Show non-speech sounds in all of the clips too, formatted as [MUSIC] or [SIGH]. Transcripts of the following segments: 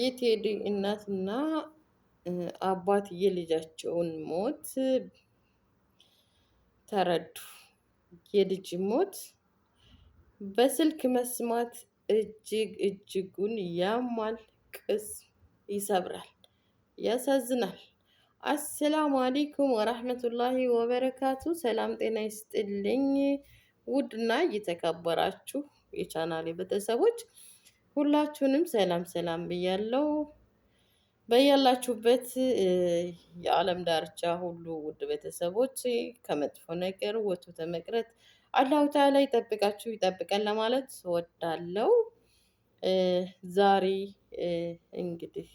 የቴዲ እናትና አባት የልጃቸውን ሞት ተረዱ። የልጅ ሞት በስልክ መስማት እጅግ እጅጉን ያማል፣ ቅስም ይሰብራል፣ ያሳዝናል። አሰላሙ አሌይኩም ወራህመቱላሂ ወበረካቱ። ሰላም ጤና ይስጥልኝ። ውድና እየተከበራችሁ የቻናሌ ቤተሰቦች ሁላችሁንም ሰላም ሰላም ብያለው። በያላችሁበት የዓለም ዳርቻ ሁሉ ውድ ቤተሰቦች ከመጥፎ ነገር ወቶ ተመቅረት አላሁ ተዓላ ይጠብቃችሁ ይጠብቀን ለማለት ወዳለው። ዛሬ እንግዲህ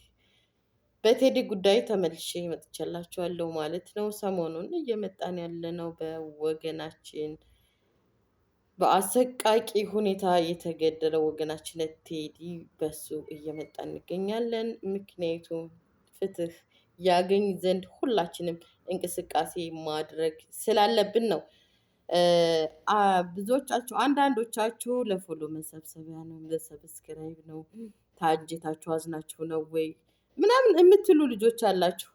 በቴዲ ጉዳይ ተመልሼ መጥቻላችኋለሁ ማለት ነው። ሰሞኑን እየመጣን ያለነው በወገናችን በአሰቃቂ ሁኔታ የተገደለው ወገናችን ቴዲ በሱ እየመጣ እንገኛለን። ምክንያቱም ፍትህ ያገኝ ዘንድ ሁላችንም እንቅስቃሴ ማድረግ ስላለብን ነው። ብዙዎቻችሁ አንዳንዶቻችሁ ለፎሎ መሰብሰቢያ ነው፣ ለሰብስክራይብ ነው፣ ታጅታችሁ አዝናችሁ ነው ወይ ምናምን የምትሉ ልጆች አላችሁ።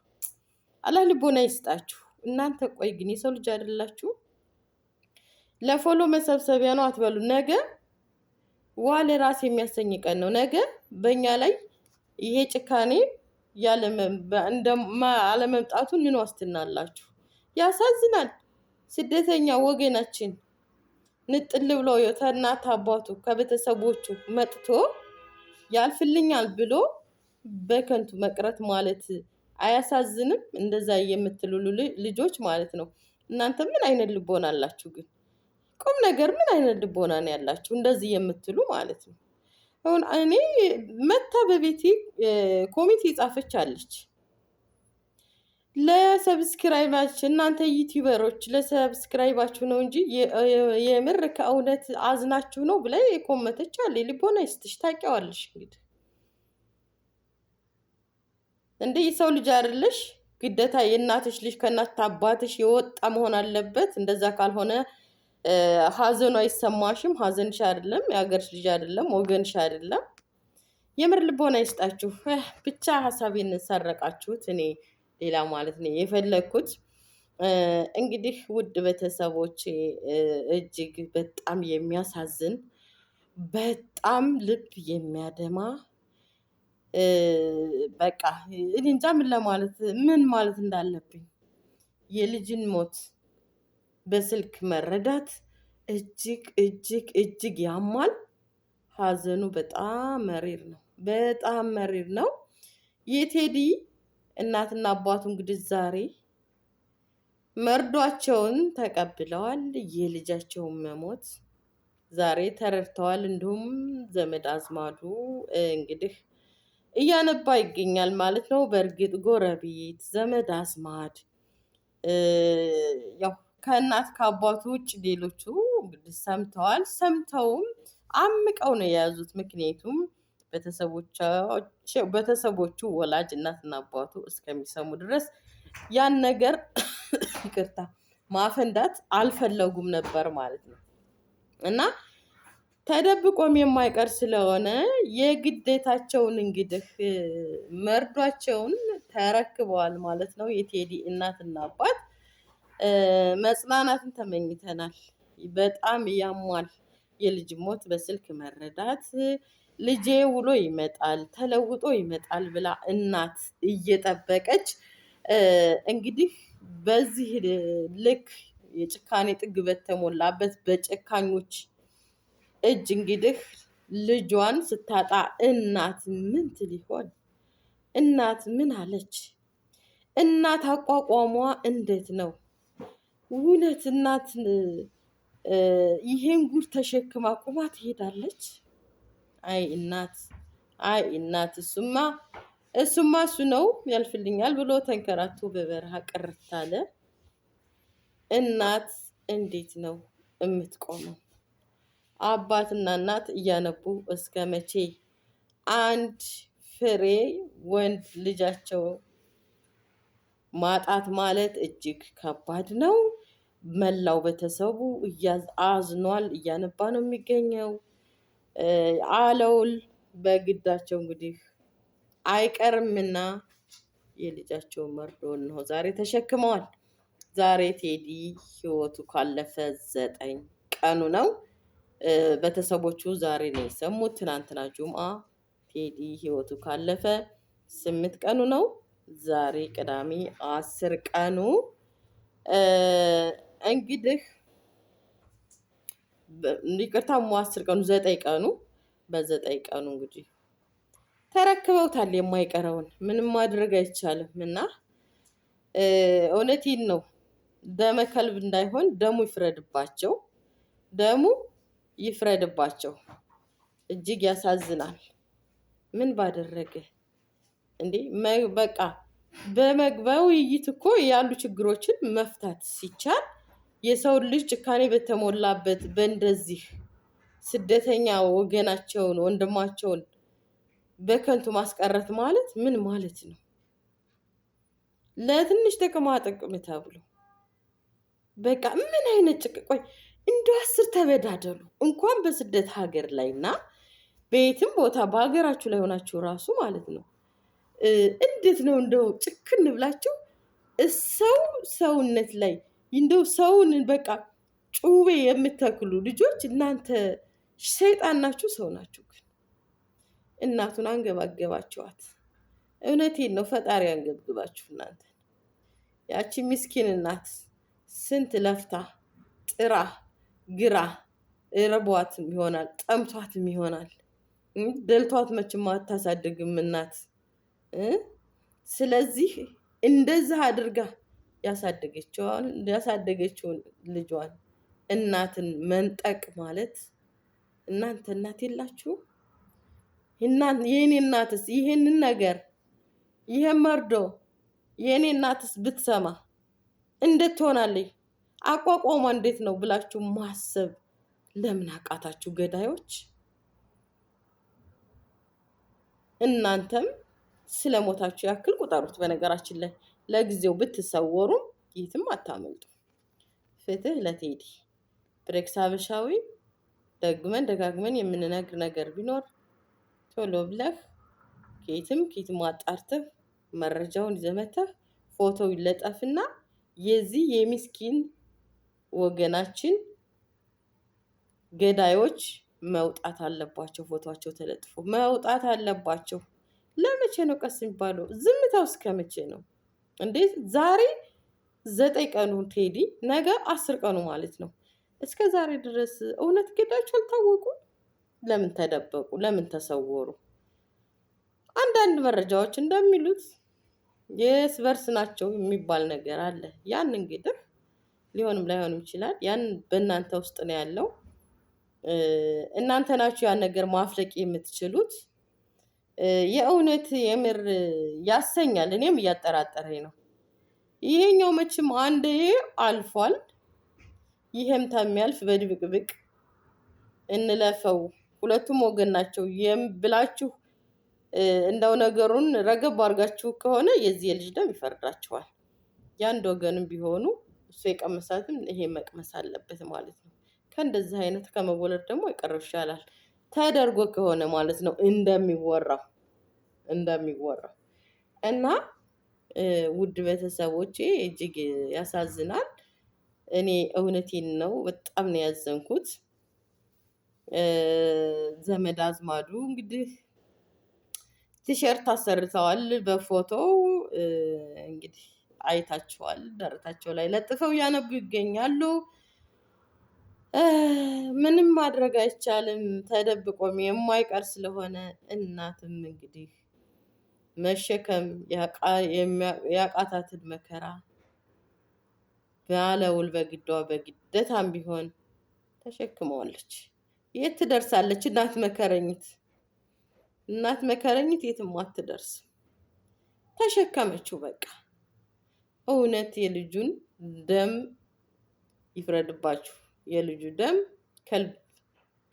አላህ ልቦና ይስጣችሁ። እናንተ ቆይ ግን የሰው ልጅ አይደላችሁ? ለፎሎ መሰብሰቢያ ነው አትበሉ። ነገ ዋ ለራስ የሚያሰኝ ቀን ነው። ነገ በእኛ ላይ ይሄ ጭካኔ አለመምጣቱን ምን ዋስትና አላችሁ? ያሳዝናል። ስደተኛ ወገናችን ንጥል ብሎ ከእናት አባቱ ከቤተሰቦቹ መጥቶ ያልፍልኛል ብሎ በከንቱ መቅረት ማለት አያሳዝንም? እንደዛ የምትሉ ልጆች ማለት ነው። እናንተ ምን አይነት ልቦና አላችሁ ግን? ቁም ነገር ምን አይነት ልቦና ነው ያላችሁ እንደዚህ የምትሉ ማለት ነው። አሁን እኔ መታ በቤቴ ኮሚቴ ጻፈች አለች ለሰብስክራይባችን እናንተ ዩቲዩበሮች ለሰብስክራይባችሁ ነው እንጂ የምር ከእውነት አዝናችሁ ነው ብላ የኮመተች አለ። ልቦና ይስጥሽ። ታውቂዋለሽ እንግዲህ እንደ የሰው ልጅ አይደለሽ። ግደታ የእናትሽ ልጅ ከእናት አባትሽ የወጣ መሆን አለበት። እንደዛ ካልሆነ ሀዘኑ አይሰማሽም። ሀዘንሽ አይደለም፣ የሀገርሽ ልጅ አይደለም፣ ወገንሽ አይደለም። የምር ልቦና ይስጣችሁ። ብቻ ሀሳቤን ሰረቃችሁት። እኔ ሌላ ማለት ነው የፈለግኩት። እንግዲህ ውድ ቤተሰቦች እጅግ በጣም የሚያሳዝን በጣም ልብ የሚያደማ በቃ እኔ እንጃ ምን ለማለት ምን ማለት እንዳለብኝ የልጅን ሞት በስልክ መረዳት እጅግ እጅግ እጅግ ያማል። ሀዘኑ በጣም መሪር ነው፣ በጣም መሪር ነው። የቴዲ እናትና አባቱ እንግዲህ ዛሬ መርዷቸውን ተቀብለዋል። የልጃቸውን መሞት ዛሬ ተረድተዋል። እንዲሁም ዘመድ አዝማዱ እንግዲህ እያነባ ይገኛል ማለት ነው። በእርግጥ ጎረቤት፣ ዘመድ አዝማድ ያው ከእናት ከአባቱ ውጭ ሌሎቹ እንግዲህ ሰምተዋል። ሰምተውም አምቀው ነው የያዙት። ምክንያቱም ቤተሰቦቹ ወላጅ እናትና አባቱ እስከሚሰሙ ድረስ ያን ነገር [COUGHS] ይቅርታ ማፈንዳት አልፈለጉም ነበር ማለት ነው እና ተደብቆም የማይቀር ስለሆነ የግዴታቸውን እንግዲህ መርዷቸውን ተረክበዋል ማለት ነው የቴዲ እናትና አባት። መጽናናትን ተመኝተናል። በጣም ያሟል። የልጅ ሞት በስልክ መረዳት ልጄ ውሎ ይመጣል ተለውጦ ይመጣል ብላ እናት እየጠበቀች እንግዲህ በዚህ ልክ የጭካኔ ጥግ በተሞላበት በጨካኞች እጅ እንግዲህ ልጇን ስታጣ እናት ምን ትል ይሆን? እናት ምን አለች? እናት አቋቋሟ እንዴት ነው? እውነት እናት ይሄን ጉድ ተሸክማ ቁማ ትሄዳለች? አይ እናት አይ እናት እሱማ እሱማ እሱ ነው ያልፍልኛል ብሎ ተንከራቶ በበረሃ ቅርት አለ። እናት እንዴት ነው የምትቆመው? አባትና እናት እያነቡ እስከ መቼ አንድ ፍሬ ወንድ ልጃቸው ማጣት ማለት እጅግ ከባድ ነው። መላው ቤተሰቡ አዝኗል። እያነባ ነው የሚገኘው። አለውል በግዳቸው እንግዲህ አይቀርምና የልጃቸውን መርዶ ነው ዛሬ ተሸክመዋል። ዛሬ ቴዲ ህይወቱ ካለፈ ዘጠኝ ቀኑ ነው። ቤተሰቦቹ ዛሬ ነው የሰሙት። ትናንትና ጁምአ ቴዲ ህይወቱ ካለፈ ስምንት ቀኑ ነው። ዛሬ ቅዳሜ አስር ቀኑ እንግዲህ ይቅርታ አስር ቀኑ ዘጠኝ ቀኑ በዘጠኝ ቀኑ እንግዲህ ተረክበውታል የማይቀረውን ምንም ማድረግ አይቻልም እና እውነቴን ነው ደመ ከልብ እንዳይሆን ደሙ ይፍረድባቸው ደሙ ይፍረድባቸው እጅግ ያሳዝናል ምን ባደረገ እንዴ በቃ በመግቢያ ውይይት እኮ ያሉ ችግሮችን መፍታት ሲቻል የሰውን ልጅ ጭካኔ በተሞላበት በእንደዚህ ስደተኛ ወገናቸውን ወንድማቸውን በከንቱ ማስቀረት ማለት ምን ማለት ነው? ለትንሽ ጥቅማ ጥቅም ተብሎ በቃ ምን አይነት ጭቅቆይ እንደ አስር ተበዳደሉ እንኳን በስደት ሀገር ላይ እና በየትም ቦታ በሀገራችሁ ላይ ሆናችሁ ራሱ ማለት ነው እንዴት ነው እንደው ጭክን ብላችሁ ሰው ሰውነት ላይ እንደው ሰውን በቃ ጩቤ የምተክሉ ልጆች እናንተ ሰይጣን ናችሁ፣ ሰው ናችሁ። ግን እናቱን አንገባገባችኋት። እውነቴን ነው፣ ፈጣሪ አንገብግባችሁ እናንተ። ያቺ ምስኪን እናት ስንት ለፍታ ጥራ ግራ ረቧትም ይሆናል ጠምቷትም ይሆናል ደልቷት መችማ አታሳድግም እናት ስለዚህ እንደዛ አድርጋ ያሳደገችውን ልጇን እናትን መንጠቅ ማለት እናንተ እናት የላችሁ? የኔ እናትስ ይህንን ነገር ይሄን መርዶ የእኔ እናትስ ብትሰማ እንዴት ትሆናለች? አቋቋሟ እንዴት ነው ብላችሁ ማሰብ ለምን አቃታችሁ ገዳዮች? እናንተም ስለሞታችሁ ያክል ቁጠሩት። በነገራችን ላይ ለጊዜው ብትሰወሩም የትም አታመልጡ። ፍትህ ለቴዲ ብሬክስ ሀበሻዊ። ደግመን ደጋግመን የምንነግር ነገር ቢኖር ቶሎ ብለህ ኬትም ኬትም አጣርተህ መረጃውን ዘመተህ ፎቶ ይለጠፍና የዚህ የሚስኪን ወገናችን ገዳዮች መውጣት አለባቸው። ፎቶቸው ተለጥፎ መውጣት አለባቸው። ለመቼ ነው ቀስ የሚባለው? ዝምታው እስከ መቼ ነው እንዴ? ዛሬ ዘጠኝ ቀኑ ቴዲ፣ ነገ አስር ቀኑ ማለት ነው። እስከ ዛሬ ድረስ እውነት ጌታዎች አልታወቁ። ለምን ተደበቁ? ለምን ተሰወሩ? አንዳንድ መረጃዎች እንደሚሉት የስ በርስ ናቸው የሚባል ነገር አለ። ያን እንግዲህ ሊሆንም ላይሆንም ይችላል። ያን በእናንተ ውስጥ ነው ያለው። እናንተ ናችሁ ያን ነገር ማፍለቅ የምትችሉት። የእውነት የምር ያሰኛል። እኔም እያጠራጠረኝ ነው። ይሄኛው መቼም አንዴ አልፏል፣ ይሄም ታሚያልፍ። በድብቅብቅ እንለፈው፣ ሁለቱም ወገን ናቸው ብላችሁ እንደው ነገሩን ረገብ አድርጋችሁ ከሆነ የዚህ ልጅ ደም ይፈርዳችኋል። የአንድ ወገንም ቢሆኑ እሱ የቀመሳትም ይሄ መቅመስ አለበት ማለት ነው። ከእንደዚህ አይነት ከመወለድ ደግሞ ይቀርብ ይሻላል። ተደርጎ ከሆነ ማለት ነው እንደሚወራው እንደሚወራው እና ውድ ቤተሰቦቼ እጅግ ያሳዝናል። እኔ እውነቴን ነው በጣም ነው ያዘንኩት። ዘመድ አዝማዱ እንግዲህ ቲሸርት አሰርተዋል በፎቶው እንግዲህ አይታችኋል። ደረታቸው ላይ ለጥፈው እያነቡ ይገኛሉ። ምንም ማድረግ አይቻልም። ተደብቆም የማይቀር ስለሆነ እናትም እንግዲህ መሸከም ያቃታትን መከራ ባለውል በግዷ በግደታም ቢሆን ተሸክመዋለች። የት ትደርሳለች? እናት መከረኝት እናት መከረኝት የትም አትደርስም። ተሸከመችው በቃ። እውነት የልጁን ደም ይፍረድባችሁ። የልጁ ደም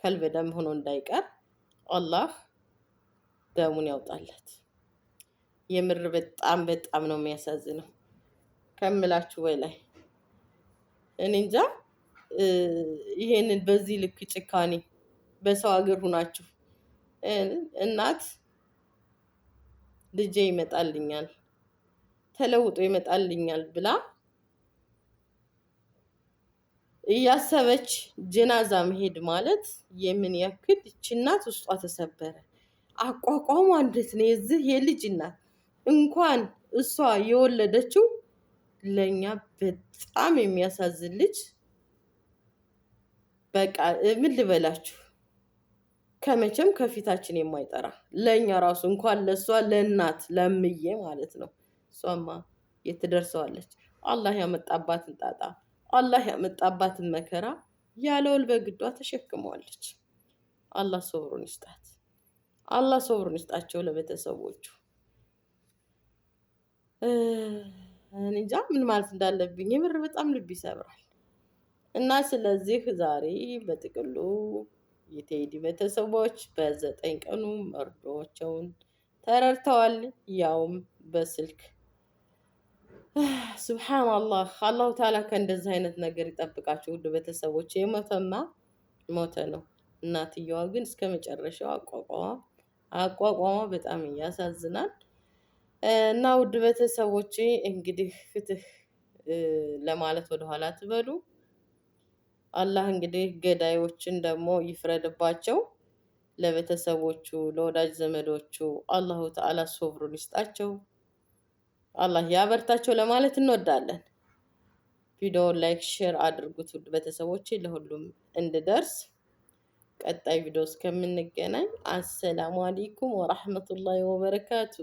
ከልብ ደም ሆኖ እንዳይቀር አላህ ደሙን ያውጣለት። የምር በጣም በጣም ነው የሚያሳዝነው ከምላችሁ በላይ እኔ እንጃ። ይሄንን በዚህ ልክ ጭካኔ በሰው ሀገር ሁናችሁ እናት ልጄ ይመጣልኛል ተለውጦ ይመጣልኛል ብላ እያሰበች ጀናዛ መሄድ ማለት የምን ያክል ይቺ እናት ውስጧ ተሰበረ። አቋቋሟ እንዴት ነው? የዚህ የልጅ እናት እንኳን እሷ የወለደችው ለእኛ በጣም የሚያሳዝን ልጅ። በቃ ምን ልበላችሁ፣ ከመቼም ከፊታችን የማይጠራ ለእኛ ራሱ እንኳን ለእሷ ለእናት ለምዬ ማለት ነው። እሷማ የትደርሰዋለች? አላህ ያመጣባትን ጣጣ አላህ ያመጣባትን መከራ ያለውል በግዷ ተሸክመዋለች። አላህ ሶብሩን ይስጣት። አላህ ሶብሩን ይስጣቸው ለቤተሰቦቹ። እንጃ ምን ማለት እንዳለብኝ የምር በጣም ልብ ይሰብራል። እና ስለዚህ ዛሬ በጥቅሉ የቴዲ ቤተሰቦች በዘጠኝ ቀኑ መርዶቸውን ተረድተዋል። ያውም በስልክ ስብሓንላህ አላሁ ታላ ከእንደዚህ አይነት ነገር ይጠብቃቸው። ውድ ቤተሰቦች የሞተማ ሞተ ነው። እናትየዋ ግን እስከ መጨረሻው አቋቋማ አቋቋሟ በጣም ያሳዝናል። እና ውድ ቤተሰቦች እንግዲህ ፍትህ ለማለት ወደኋላ ትበሉ። አላህ እንግዲህ ገዳዮችን ደግሞ ይፍረድባቸው። ለቤተሰቦቹ ለወዳጅ ዘመዶቹ አላሁ ተዓላ ሶብሩን ይስጣቸው። አላህ ያበርታቸው ለማለት እንወዳለን። ቪዲዮውን ላይክ፣ ሼር አድርጉት ውድ ቤተሰቦቼ፣ ለሁሉም እንድደርስ። ቀጣይ ቪዲዮ እስከምንገናኝ አሰላሙ አለይኩም ወራህመቱላሂ ወበረካቱ።